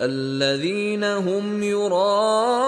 الذين هم يراءون